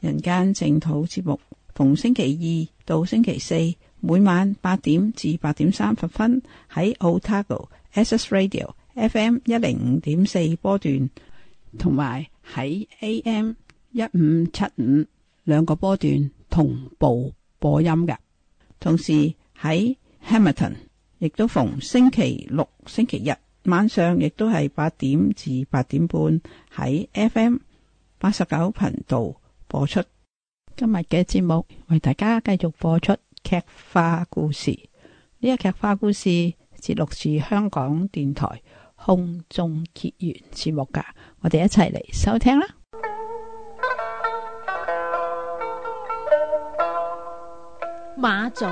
人間淨土節目，逢星期二到星期四，每晚八點至八點三十分喺 Otago Access Radio F M 一零五點四波段，同埋喺 A M 一五七五兩個波段同步播音嘅。同時喺 Hamilton 亦都逢星期六、星期日晚上，亦都係八點至八點半喺 F M 八十九頻道。播出今日嘅節目，為大家繼續播出劇化故事。呢個劇化故事節錄自香港電台空中結緣節目噶，我哋一齊嚟收聽啦。馬祖。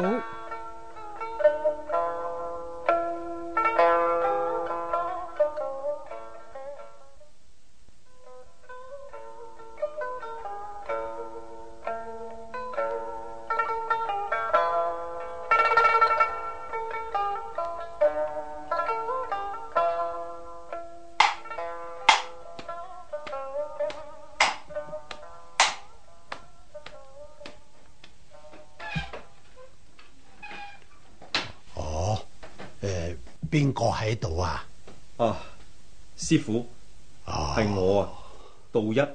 喺度啊！啊，師傅，啊、哦，係我啊，道一啊，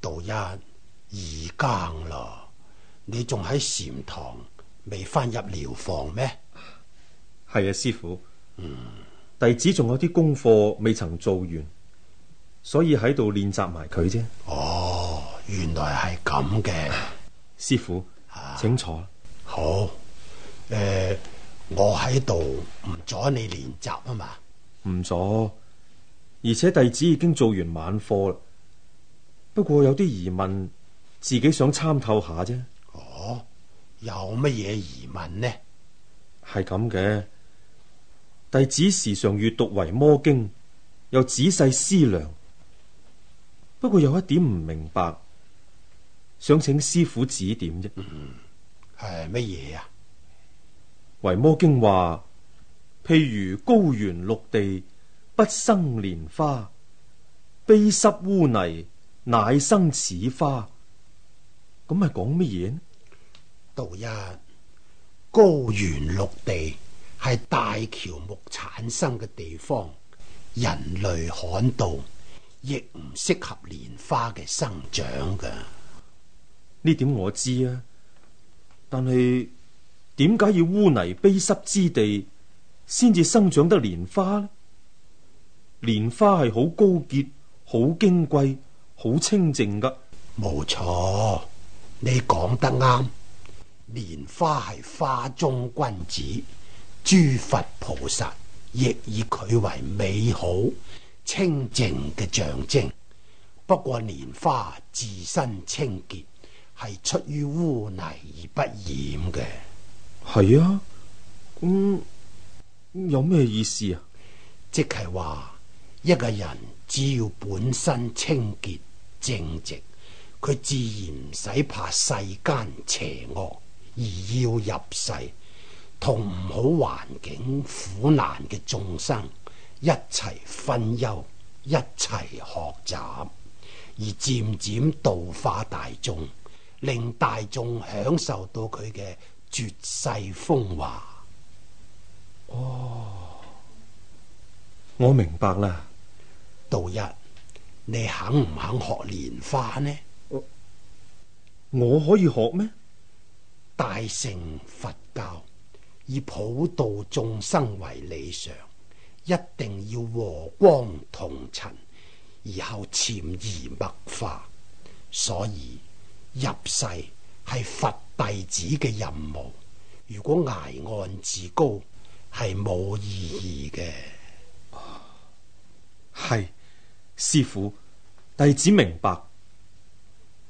道一，二更咯，你仲喺禪堂未返入療房咩？係啊，師傅，嗯，弟子仲有啲功課未曾做完，所以喺度練習埋佢啫。哦，原來係咁嘅，師傅父，啊、請坐。好，誒、呃。我喺度唔阻你練習啊嘛？唔阻，而且弟子已經做完晚課啦。不過有啲疑問，自己想參透下啫。哦，有乜嘢疑問呢？係咁嘅，弟子時常閱讀《維摩經》，又仔細思量，不過有一點唔明白，想請師傅指點啫。嗯嗯，係乜嘢啊？《維摩經》話：譬如高原陸地不生蓮花，悲濕污泥乃生此花。咁係講乜嘢？道一，高原陸地係大喬木產生嘅地方，人類罕道，亦唔適合蓮花嘅生長㗎。呢點我知啊，但係。點解要污泥卑濕之地先至生長得蓮花呢？蓮花係好高潔、好矜貴、好清淨噶。冇錯，你講得啱。蓮花係花中君子，諸佛菩薩亦以佢為美好、清淨嘅象徵。不過蓮花自身清潔，係出於污泥而不染嘅。係啊，咁、嗯、有咩意思啊？即係話一個人只要本身清潔正直，佢自然唔使怕世間邪惡，而要入世，同唔好環境苦難嘅眾生一齊分憂，一齊學習，而漸漸度化大眾，令大眾享受到佢嘅。絕世風華哦，我明白啦。道一，你肯唔肯學蓮花呢？我，我可以學咩？大乘佛教以普度眾生為理想，一定要和光同塵，而後潛移默化。所以入世。係佛弟子嘅任務。如果崖岸自高，係冇意義嘅。係師父，弟子明白。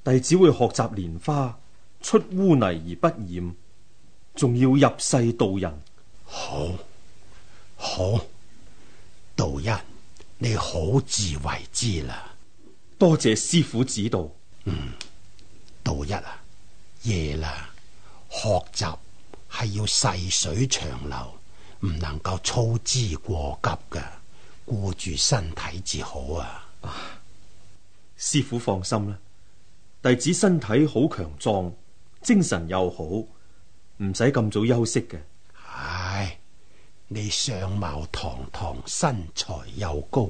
弟子會學習蓮花出污泥而不染，仲要入世度人。好，好，道一，你好自為之啦。多謝師父指導。嗯，道一啊。夜啦，學習係要細水長流，唔能夠操之過急嘅，顧住身體至好啊！啊，師傅放心啦，弟子身體好強壯，精神又好，唔使咁早休息嘅。唉、哎，你相貌堂堂，身材又高，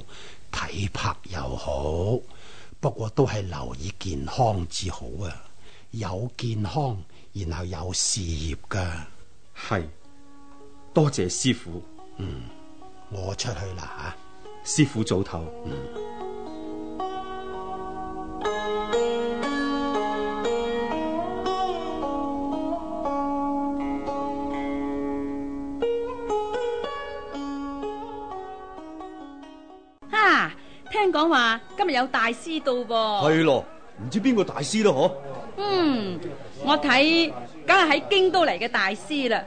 體魄又好，不過都係留意健康至好啊！有健康，然後有事業噶，係多謝師傅。嗯，我出去啦吓，啊、師父早唞。嗯。哈、啊，聽講話今日有大師到噃、啊，係咯，唔知邊個大師咯嗬？嗯，我睇梗係喺京都嚟嘅大師啦。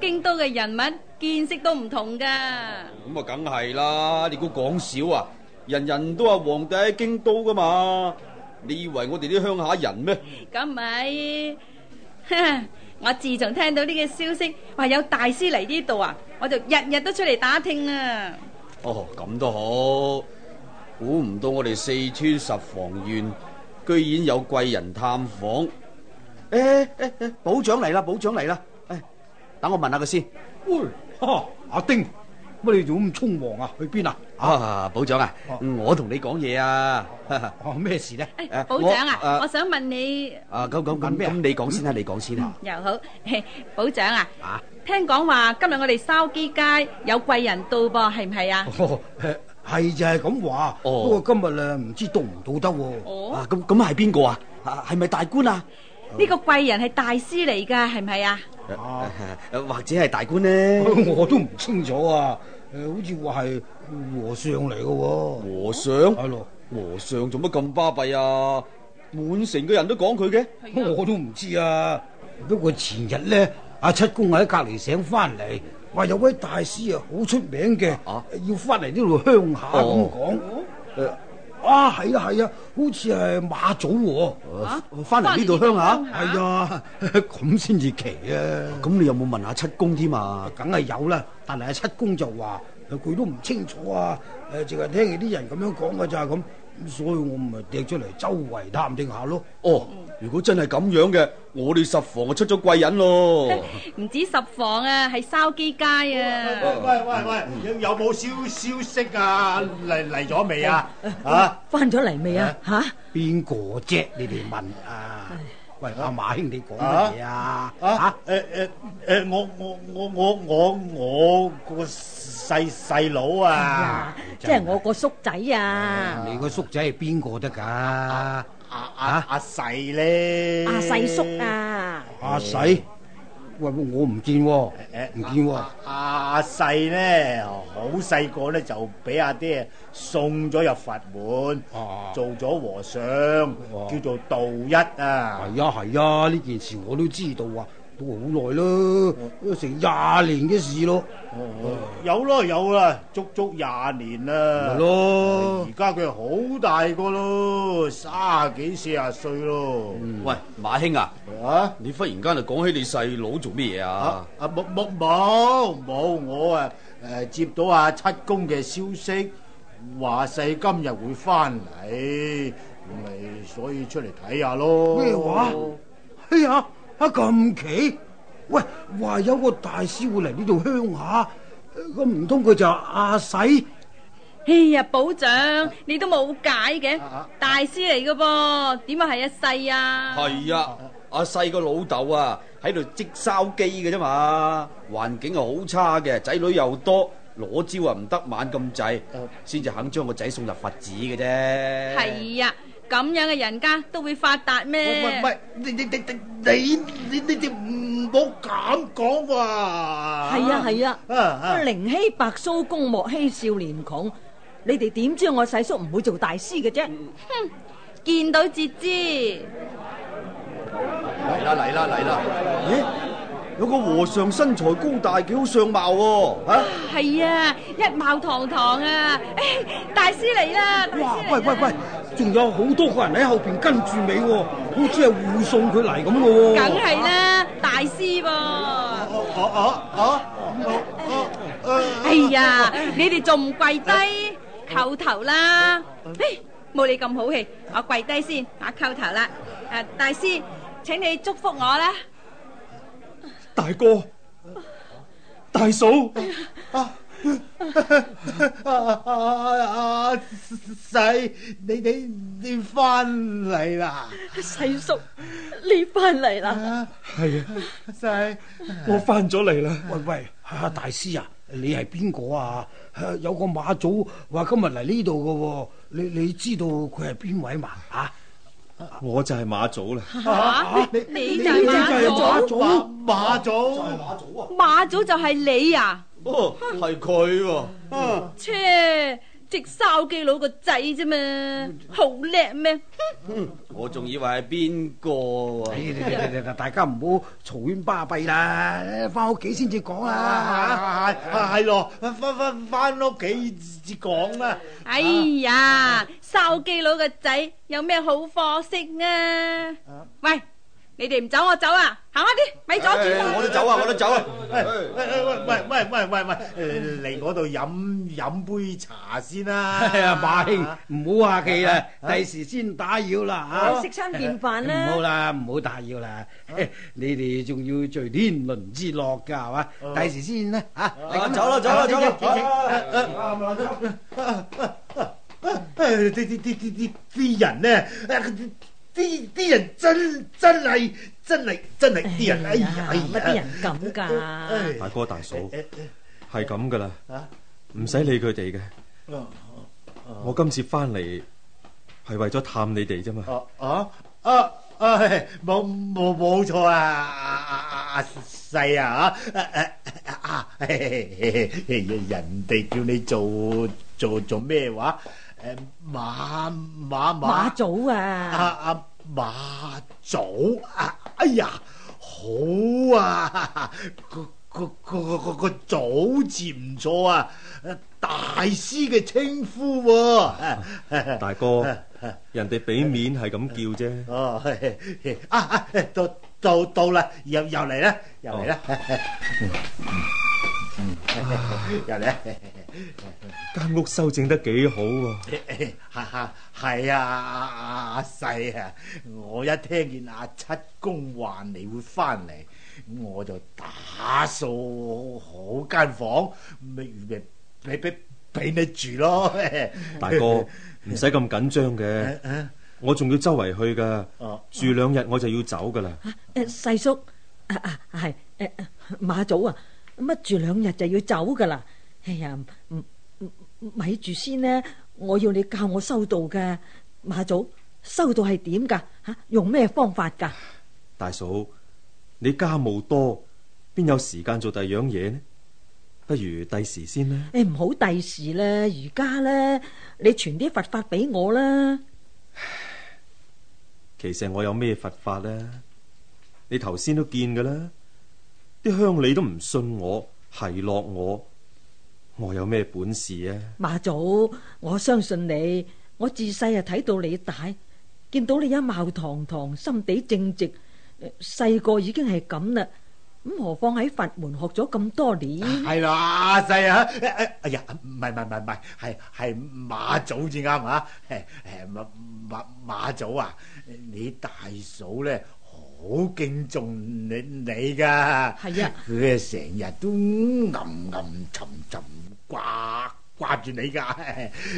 京都嘅人物見識都唔同噶。咁啊、哦，梗係啦！你估講少啊？人人都話皇帝喺京都噶嘛？你以為我哋啲鄉下人咩？咁咪、嗯嗯，我自從聽到呢個消息，話有大師嚟呢度啊，我就日日都出嚟打聽啦、啊。哦，咁都好，估唔到我哋四川十房縣。居然有貴人探訪！誒誒誒，保長嚟啦，保長嚟啦！誒，等我問下佢先。喂，阿丁，乜你做咁匆忙啊？去邊啊？啊，保長啊，我同你講嘢啊。哦，咩事呢？誒，保長啊，我想問你。啊，咁咁咁咩？咁你講先啊，你講先啊。又好，保長啊，聽講話今日我哋筲箕街有貴人到噃，係唔係啊？係就係咁話，不過今日咧，唔知到唔到得哦。咁咁係邊個啊？係咪、啊啊、大官啊？呢個貴人係大師嚟噶，係唔係啊？或者係大官呢？ 我都唔清楚啊。誒，好似話係和尚嚟噶、啊。和尚係咯，哦、和尚做乜咁巴閉啊？滿城嘅人都講佢嘅，的我都唔知啊。不過前日咧。阿七公喺隔籬醒翻嚟，話有位大師啊，好出名嘅，要翻嚟呢度鄉下咁講。啊係啊係啊，好似係馬祖，翻嚟呢度鄉下，係啊，咁先至奇啊！咁、啊嗯、你有冇問下七公添啊？梗係有啦，但係阿七公就話佢都唔清楚啊，誒，淨係聽啲人咁樣講噶咋咁。所以我咪掟出嚟周圍探聽下咯。哦，如果真係咁樣嘅，我哋十房就出咗貴人咯。唔 止十房啊，係筲箕街啊。喂喂喂，喂，喂，有冇消消息啊？嚟嚟咗未啊？啊，翻咗嚟未啊？吓？邊個啫？你哋問啊？ 喂，阿馬兄，你講乜嘢啊？吓，誒誒誒，我我我我我我個細細佬啊，即、啊、係、啊欸欸、我，我，我，我，我，我，我個我叔仔啊，啊！你個叔仔係邊個得㗎？阿阿阿細咧？阿細叔，叔啊？阿細。喂，我唔見喎，誒唔見喎。阿細咧，好細個咧，啊、就俾阿爹送咗入佛門，啊、做咗和尚，哇叫做道一啊。係啊，係啊，呢件事我都知道啊。好耐咯，成廿年嘅事咯，有咯有啦，足足廿年啦，係咯，而家佢好大個咯，卅幾四十歲咯。喂，馬兄啊，啊，你忽然間就講起你細佬做咩嘢啊？啊，冇冇冇冇，我啊誒接到阿七公嘅消息，話世今日會翻嚟，咪所以出嚟睇下咯。咩話？哎呀！啊咁奇！喂，話有個大師會嚟呢度鄉下，咁唔通佢就阿細 ？哎呀，保長，你都冇解嘅， 大師嚟嘅噃，點解係阿細啊？係啊，阿細個老豆啊喺度織筲箕嘅啫嘛，環境啊好差嘅，仔女又多，攞招啊唔得晚咁滯，先至 肯將個仔送入佛寺嘅啫。係啊。咁樣嘅人家都會發達咩？喂喂，你你你你你你你哋唔好咁講喎！係啊係啊，寧欺白鬚公莫欺少年窮，你哋點知我細叔唔會做大師嘅啫？哼！見到哲之，嚟啦嚟啦嚟啦！咦？有個和尚身材高大，幾好相貌喎，嚇、啊！係、哦、啊，一貌堂堂啊！哎，大師嚟啦！哇！喂喂喂！仲有好多個人喺後邊跟住尾喎，好似係護送佢嚟咁嘅喎。梗係啦，啊、大師噃、啊！嚇嚇嚇！啊啊啊啊啊啊、哎呀，啊、你哋仲唔跪低？啊、叩頭啦！哎，冇你咁好氣，我跪低先，啊，叩頭啦！誒、啊，大師請你祝福我啦！大哥，大嫂，啊，啊啊啊！細你哋你翻嚟啦，細叔你翻嚟啦，係啊，細我翻咗嚟啦。喂喂，大師啊，你係邊個啊？有個馬祖話今日嚟呢度嘅，你你知道佢係邊位嘛？啊？我就係馬祖啦，吓啊、你你，你就係馬祖，馬祖馬，馬祖，馬祖、就係、馬祖啊，馬祖就係你啊，哦，係佢喎，切、啊。只收機佬個仔啫嘛，好叻咩？我仲以為係邊個？嗱大家唔好嘈冤巴閉啦，翻屋企先至講啦吓，係咯，翻翻翻屋企至講啦。啊啊啊啊、 哎呀，收機佬個仔有咩好貨色啊？喂！你哋唔走我走啊！行快啲，咪阻住我！我都走啊，我都走啊！喂喂喂喂喂喂，嚟我度飲飲杯茶先啦，馬兄唔好客氣啦，第時先打擾啦吓，食餐便飯啦。唔好啦，唔好打擾啦，你哋仲要聚天倫之樂噶係嘛？第時先啦吓，走啦走啦走啦！啲啲啲啲人呢？啲啲人真真係真係真係啲人，哎呀呦！乜啲人咁噶？大哥大嫂，係咁噶啦，唔使、啊、理佢哋嘅。我今次翻嚟係為咗探你哋啫嘛。啊啊啊！冇冇冇錯啊！阿阿細啊！啊啊啊哎、人哋叫你做做做咩話、啊？誒，馬馬馬，馬祖啊，啊！阿馬祖啊！哎呀，好啊！個個個個個祖字唔錯啊！大師嘅稱呼，大、啊、哥，人哋俾面係咁叫啫。哦、啊啊啊啊，到到到啦，又又嚟啦，又嚟啦，又嚟。間屋修整得幾好啊！係啊，阿阿細啊，我一聽見阿七公話你會翻嚟，我就打掃好間房，咁咪預備俾俾俾你住咯。大哥，唔使咁緊張嘅，我仲要周圍去噶，住兩日我就要走噶啦。細叔，係，馬祖啊，乜住兩日就要走噶啦？哎呀，唔，咪住先咧！我要你教我修道嘅。馬祖，修道係點噶吓？用咩方法噶？大嫂，你家務多，邊有時間做第二樣嘢呢？不如第時先啦。誒、哎，唔好第時啦，而家咧，你傳啲佛法俾我啦。唉，其實我有咩佛法呢？你頭先都見㗎啦，啲鄉里都唔信我，係落我。我有咩本事啊？馬祖，我相信你。我自細啊睇到你大，見到你一貌堂堂，心地正直，細個已經係咁啦。咁何況喺佛門學咗咁多年？係啦，阿細啊！哎哎呀，唔係唔係唔係，係係馬祖至啱啊！誒誒，馬馬馬祖啊，你大嫂咧好敬重你你噶。係啊，佢啊成日都暗暗沉沉。掛掛住你噶，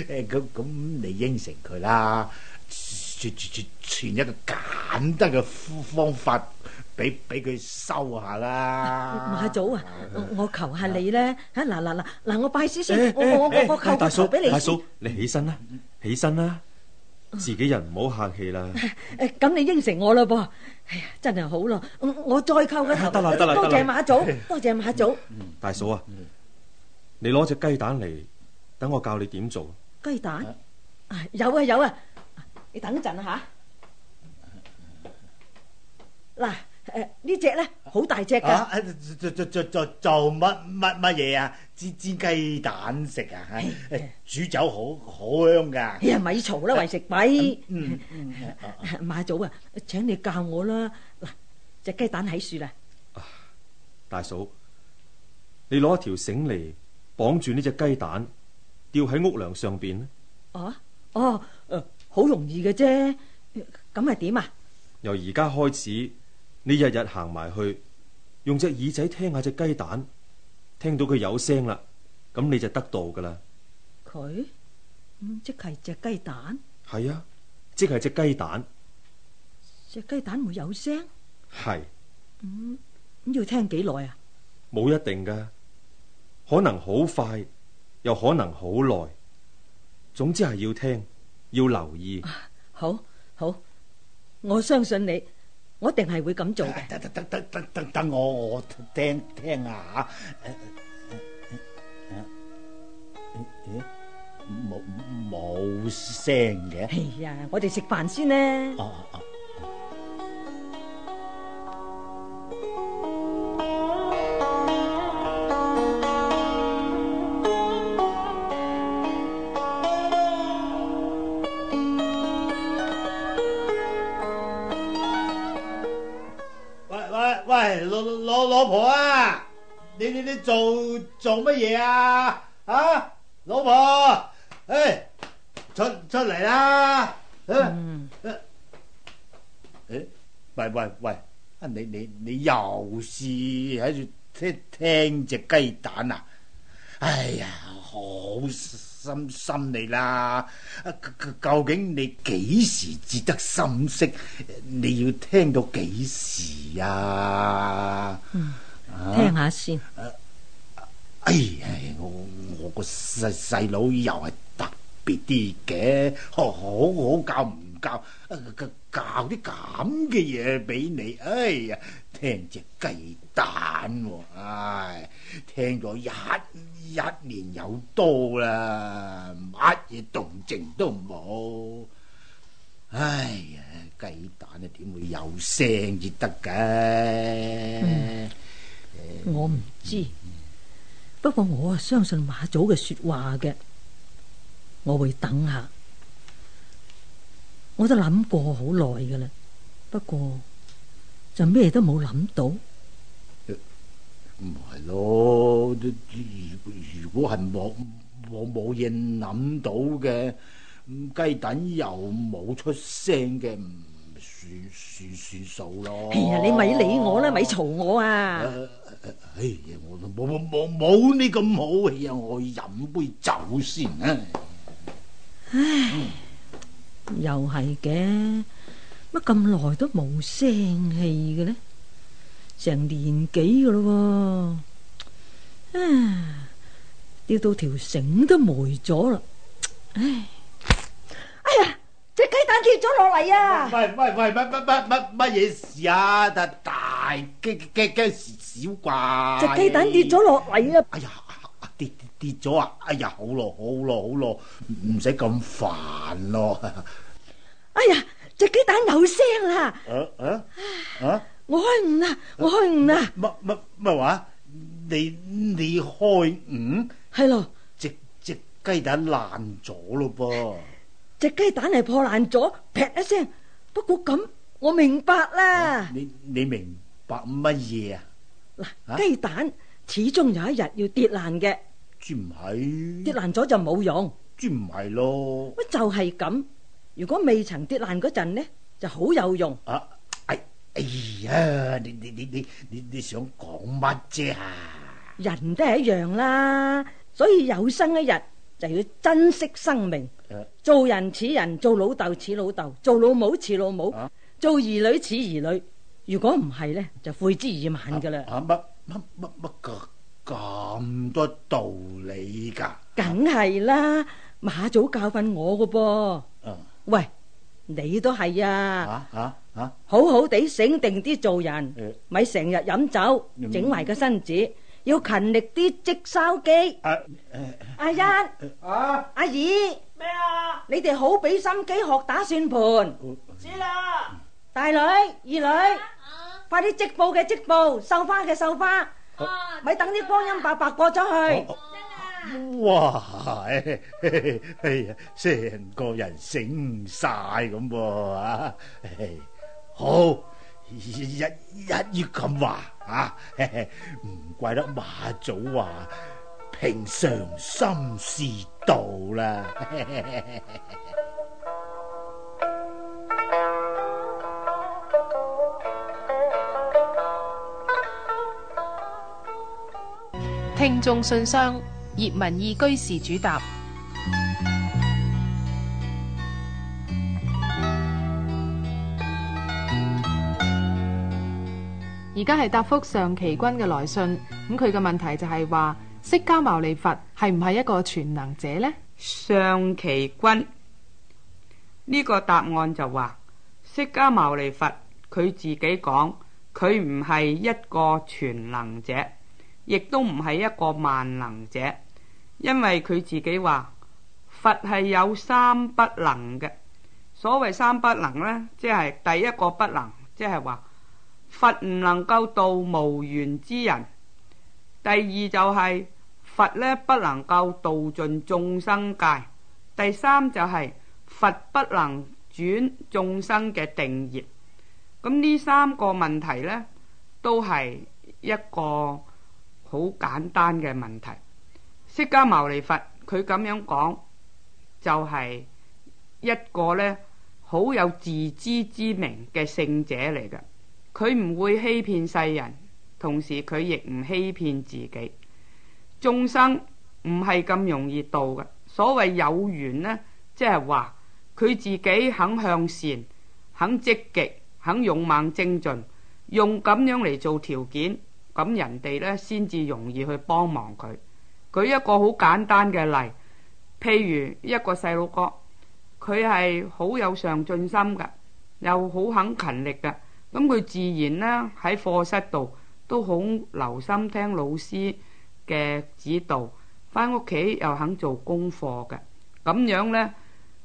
咁咁你應承佢啦，傳傳傳一個簡單嘅方法，俾俾佢收下啦。馬祖啊，我我求下你咧，吓嗱嗱嗱嗱，我拜先先，我我我求大嫂俾你先。大嫂，你起身啦，起身啦，自己人唔好客氣啦。誒，咁你應承我咯噃，哎呀，真係好咯，我我再叩個頭。得啦得啦，多謝馬祖，多謝馬祖。大嫂啊。你攞隻雞蛋嚟，等我教你點做雞蛋。有啊有啊，你等陣啊吓。嗱，誒呢隻咧好大隻噶。做做做做做乜乜乜嘢啊？煎煎雞蛋食啊？煮酒好好香噶。哎呀咪嘈啦，為食米。嗯嗯。馬祖啊，請你教我啦。嗱，隻雞蛋喺樹啦。大嫂，你攞條繩嚟。綁住呢隻雞蛋，吊喺屋梁上邊呢、啊？哦哦，好、呃、容易嘅啫。咁係點啊？由而家開始，你日日行埋去，用隻耳仔聽下隻雞蛋，聽到佢有聲啦，咁你就得到噶啦佢，即係隻雞蛋。係啊，即係隻雞蛋。隻雞蛋會有聲。係。嗯，咁要聽幾耐啊？冇一定噶可能好快，又可能好耐。總之係要聽，要留意。好好，我相信你，我一定係會咁做嘅。等等等等等我我聽聽啊吓，冇冇聲嘅。係啊，我哋食飯先呢。啊啊。做做乜嘢啊？啊，老婆，誒、欸，出出嚟啦！誒，喂喂喂，啊，嗯欸、你你你又試？喺度聽聽隻雞蛋啊？哎呀，好心心你啦！啊，究竟你幾時至得心息？你要聽到幾時啊？嗯、啊聽下先。啊哎呀，我我個細細佬又係特別啲嘅，好好教唔教？教啲咁嘅嘢俾你，哎呀，聽隻雞蛋，唉，聽咗一一年有多啦，乜嘢動靜都冇。哎呀，雞蛋啊，點會有聲至得㗎？我唔知。不過我啊相信馬祖嘅說話嘅，我會等下。我都諗過好耐噶啦，不過就咩都冇諗到。唔係咯，如果係我我冇嘢諗到嘅，咁雞蛋又冇出聲嘅。算算算數咯！哎呀，你咪理我啦，咪嘈我啊！哎呀，我都冇冇冇冇你咁好氣啊！我要飲杯酒先啊！唉，又係嘅乜咁耐都冇聲氣嘅呢？成年幾嘅咯喎！唉，掉到條繩都霉咗啦！唉，哎呀！隻雞蛋跌咗落嚟啊喂！喂，係唔係乜乜乜乜乜嘢事啊？大大驚驚驚小怪。隻雞蛋跌咗落嚟啊？哎呀、欸，跌跌跌咗啊！哎呀，好咯好咯好咯，唔使咁煩咯。煩，哎呀，隻雞蛋有聲啦、啊！啊，我開悟啊！我開悟啊！乜乜乜話？你你開悟？係咯。只隻雞蛋爛咗咯噃。隻雞蛋係破爛咗，劈一聲。不過咁，我明白啦。你你明白乜嘢啊？嗱，雞蛋始終有一日要跌爛嘅。即唔係跌爛咗就冇用。即唔係咯？喂，就係咁。如果未曾跌爛嗰陣呢，就好有用。啊！哎哎呀！你你你你你你想講乜啫啊？人都係一樣啦，所以有生一日，就要珍惜生命，做人似人，做老豆似老豆，做老母似老母，做兒女似兒女。如果唔係呢，就悔之已晚噶啦。乜乜乜乜咁多道理噶？梗係啦，馬祖教訓我噶噃。喂，你都係啊，好好地醒定啲做人，咪成日飲酒，整壞個身子。要勤力啲，積收機。阿阿一，啊，阿二，咩啊？你哋好俾心機學打算盤。知啦，大女、二女，快啲織布嘅織布，繡花嘅繡花，咪等啲光陰白白過咗去。得啦。哇，哎呀，成個人醒晒咁喎啊！好。一一要咁話啊，唔怪得馬祖話平常心是道啦。聽眾信箱，葉文義居士主答。而家係答覆上期君嘅來信，咁佢嘅問題就係話釋迦牟尼佛係唔係一個全能者呢？上期君呢個答案就話釋迦牟尼佛佢自己講，佢唔係一個全能者，亦都唔係一個萬能者，因為佢自己話佛係有三不能嘅。所謂三不能呢，即係第一個不能，即係話。佛唔能夠度無緣之人，第二就係佛呢不能夠度盡眾生界，第三就係佛不能轉眾生嘅定業。咁呢三個問題呢，都係一個好簡單嘅問題。釋迦牟尼佛佢咁樣講，就係一個呢，好有自知之明嘅聖者嚟嘅。佢唔會欺騙世人，同時佢亦唔欺騙自己。眾生唔係咁容易到嘅，所謂有緣呢，即係話佢自己肯向善、肯積極、肯勇猛精進，用咁樣嚟做條件，咁人哋呢先至容易去幫忙佢。舉一個好簡單嘅例，譬如一個細路哥，佢係好有上進心嘅，又好肯勤力嘅。咁佢自然呢喺課室度都好留心聽老師嘅指導，返屋企又肯做功課嘅，咁樣呢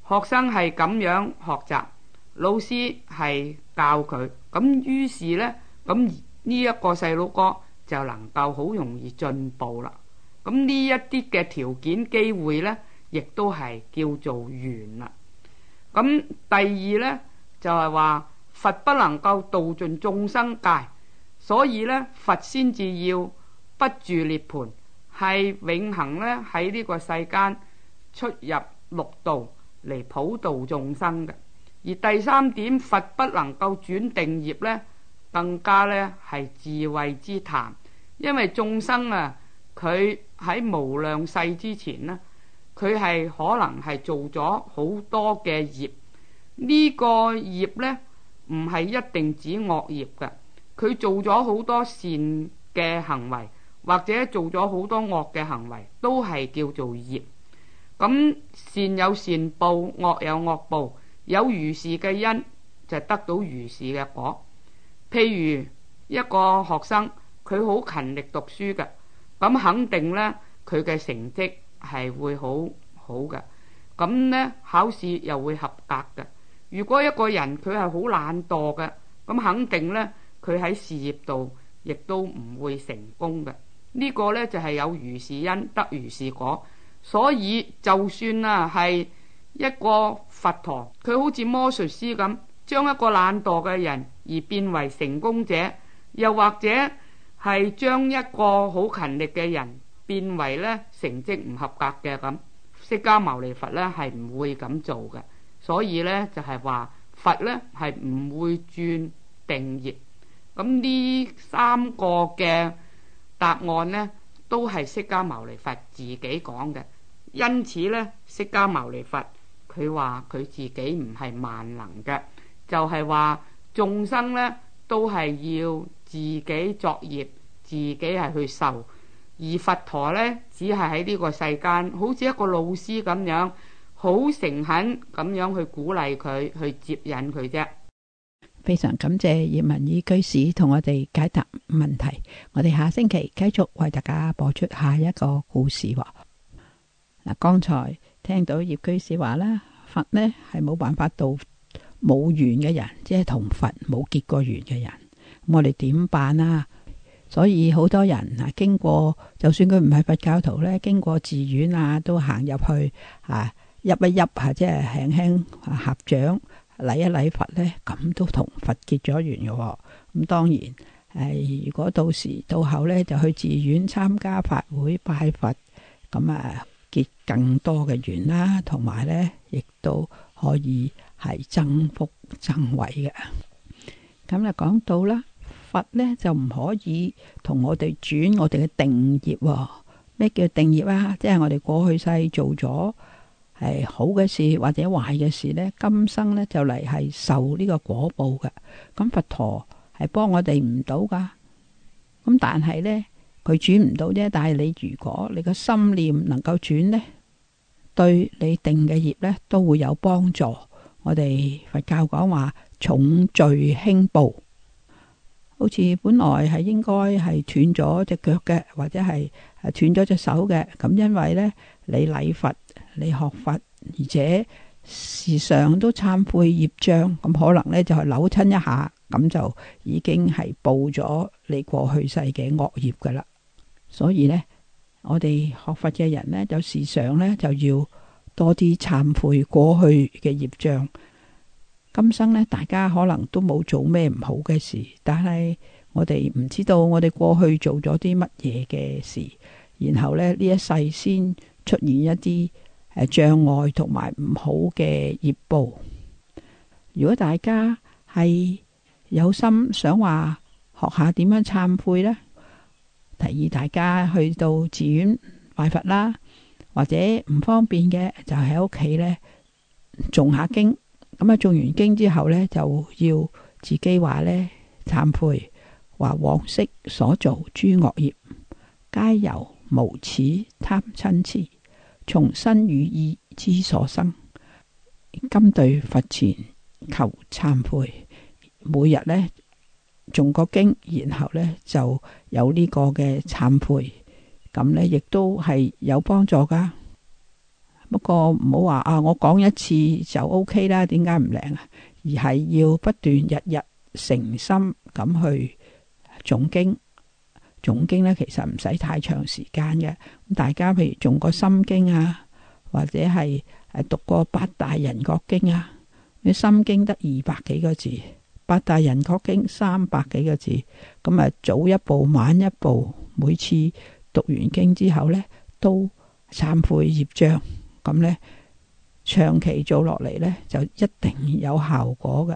學生係咁樣學習，老師係教佢，咁於是呢咁呢一個細路哥就能夠好容易進步啦。咁呢一啲嘅條件機會呢，亦都係叫做緣啦。咁第二呢就係話。佛不能夠度盡眾生界，所以呢，佛先至要不住涅槃，係永恒呢。喺呢個世間出入六道嚟普度眾生嘅。而第三點，佛不能夠轉定業呢，更加呢係智慧之談，因為眾生啊，佢喺無量世之前呢，佢係可能係做咗好多嘅業，呢、呢個業呢。唔係一定指惡業嘅，佢做咗好多善嘅行為，或者做咗好多惡嘅行為，都係叫做業。咁善有善報，惡有惡報，有如是嘅因就得到如是嘅果。譬如一個學生，佢好勤力讀書嘅，咁肯定呢，佢嘅成績係會好好嘅，咁呢考試又會合格嘅。如果一個人佢係好懶惰嘅，咁肯定呢，佢喺事業度亦都唔會成功嘅。呢個呢，就係有如是因得如是果，所以就算啊係一個佛陀，佢好似魔術師咁，將一個懶惰嘅人而變為成功者，又或者係將一個好勤力嘅人變為呢成績唔合格嘅咁，釋迦牟尼佛呢，係唔會咁做嘅。所以咧，就係話佛咧係唔會轉定業。咁呢三個嘅答案呢，都係釋迦牟尼佛自己講嘅。因此咧，釋迦牟尼佛佢話佢自己唔係萬能嘅，就係話眾生咧都係要自己作業，自己係去受。而佛陀咧只係喺呢個世間，好似一個老師咁樣。好誠懇咁樣去鼓勵佢，去接引佢啫。非常感謝葉文以居士同我哋解答問題。我哋下星期繼續為大家播出下一個故事。嗱，剛才聽到葉居士話啦，佛呢係冇辦法到冇緣嘅人，即係同佛冇結過緣嘅人，我哋點辦啊？所以好多人啊，經過就算佢唔係佛教徒呢，經過寺院啊，都行入去啊。入一入啊，即係輕輕合掌，禮一禮佛咧，咁都同佛結咗緣嘅。咁當然，誒，如果到時到後咧，就去寺院參加法會拜佛，咁啊結更多嘅緣啦，同埋咧亦都可以係增福增慧嘅。咁就講到啦，佛咧就唔可以同我哋轉我哋嘅定業。咩叫定業啊？即係我哋過去世做咗。係好嘅事或者壞嘅事呢，今生呢就嚟係受呢個果報嘅。咁佛陀係幫我哋唔到噶，咁但係呢佢轉唔到啫。但係你如果你個心念能夠轉呢，對你定嘅業呢都會有幫助。我哋佛教講話重罪輕報，好似本來係應該係斷咗隻腳嘅，或者係誒斷咗隻手嘅。咁因為呢你禮佛。你學佛，而且時常都懺悔業障，咁可能呢就係扭親一下，咁就已經係報咗你過去世嘅惡業噶啦。所以呢，我哋學佛嘅人呢，有時常呢就要多啲懺悔過去嘅業障。今生呢，大家可能都冇做咩唔好嘅事，但係我哋唔知道我哋過去做咗啲乜嘢嘅事，然後呢，呢一世先出現一啲。障礙同埋唔好嘅業報。如果大家係有心想話學下點樣懺悔呢，提議大家去到寺院拜佛啦，或者唔方便嘅就喺屋企呢誦下經。咁啊，誦完經之後呢，就要自己話呢懺悔，話往昔所造諸惡業，皆由無始貪嗔痴。從身與意之所生，今對佛前求懺悔，每日呢，誦個經，然後呢，就有呢個嘅懺悔，咁呢，亦都係有幫助噶。不過唔好話啊，我講一次就 OK 啦，點解唔靈啊？而係要不斷日日誠心咁去誦經。總經呢，其實唔使太長時間嘅。咁大家譬如讀過心經啊，或者係誒讀過八大人覺經啊，你心經得二百幾個字，八大人覺經三百幾個字，咁啊早一步晚一步，每次讀完經之後呢，都懺悔業障，咁呢，長期做落嚟呢，就一定有效果嘅。